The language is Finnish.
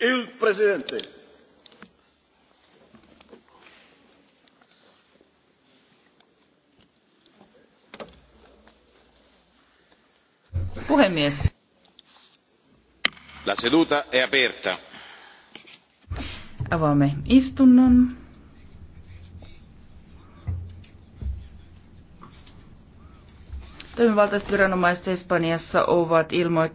il presidente puhemies la seduta è aperta avaamme istunnon toimivaltaiset viranomaiset espanjassa ovat ilmoittaneet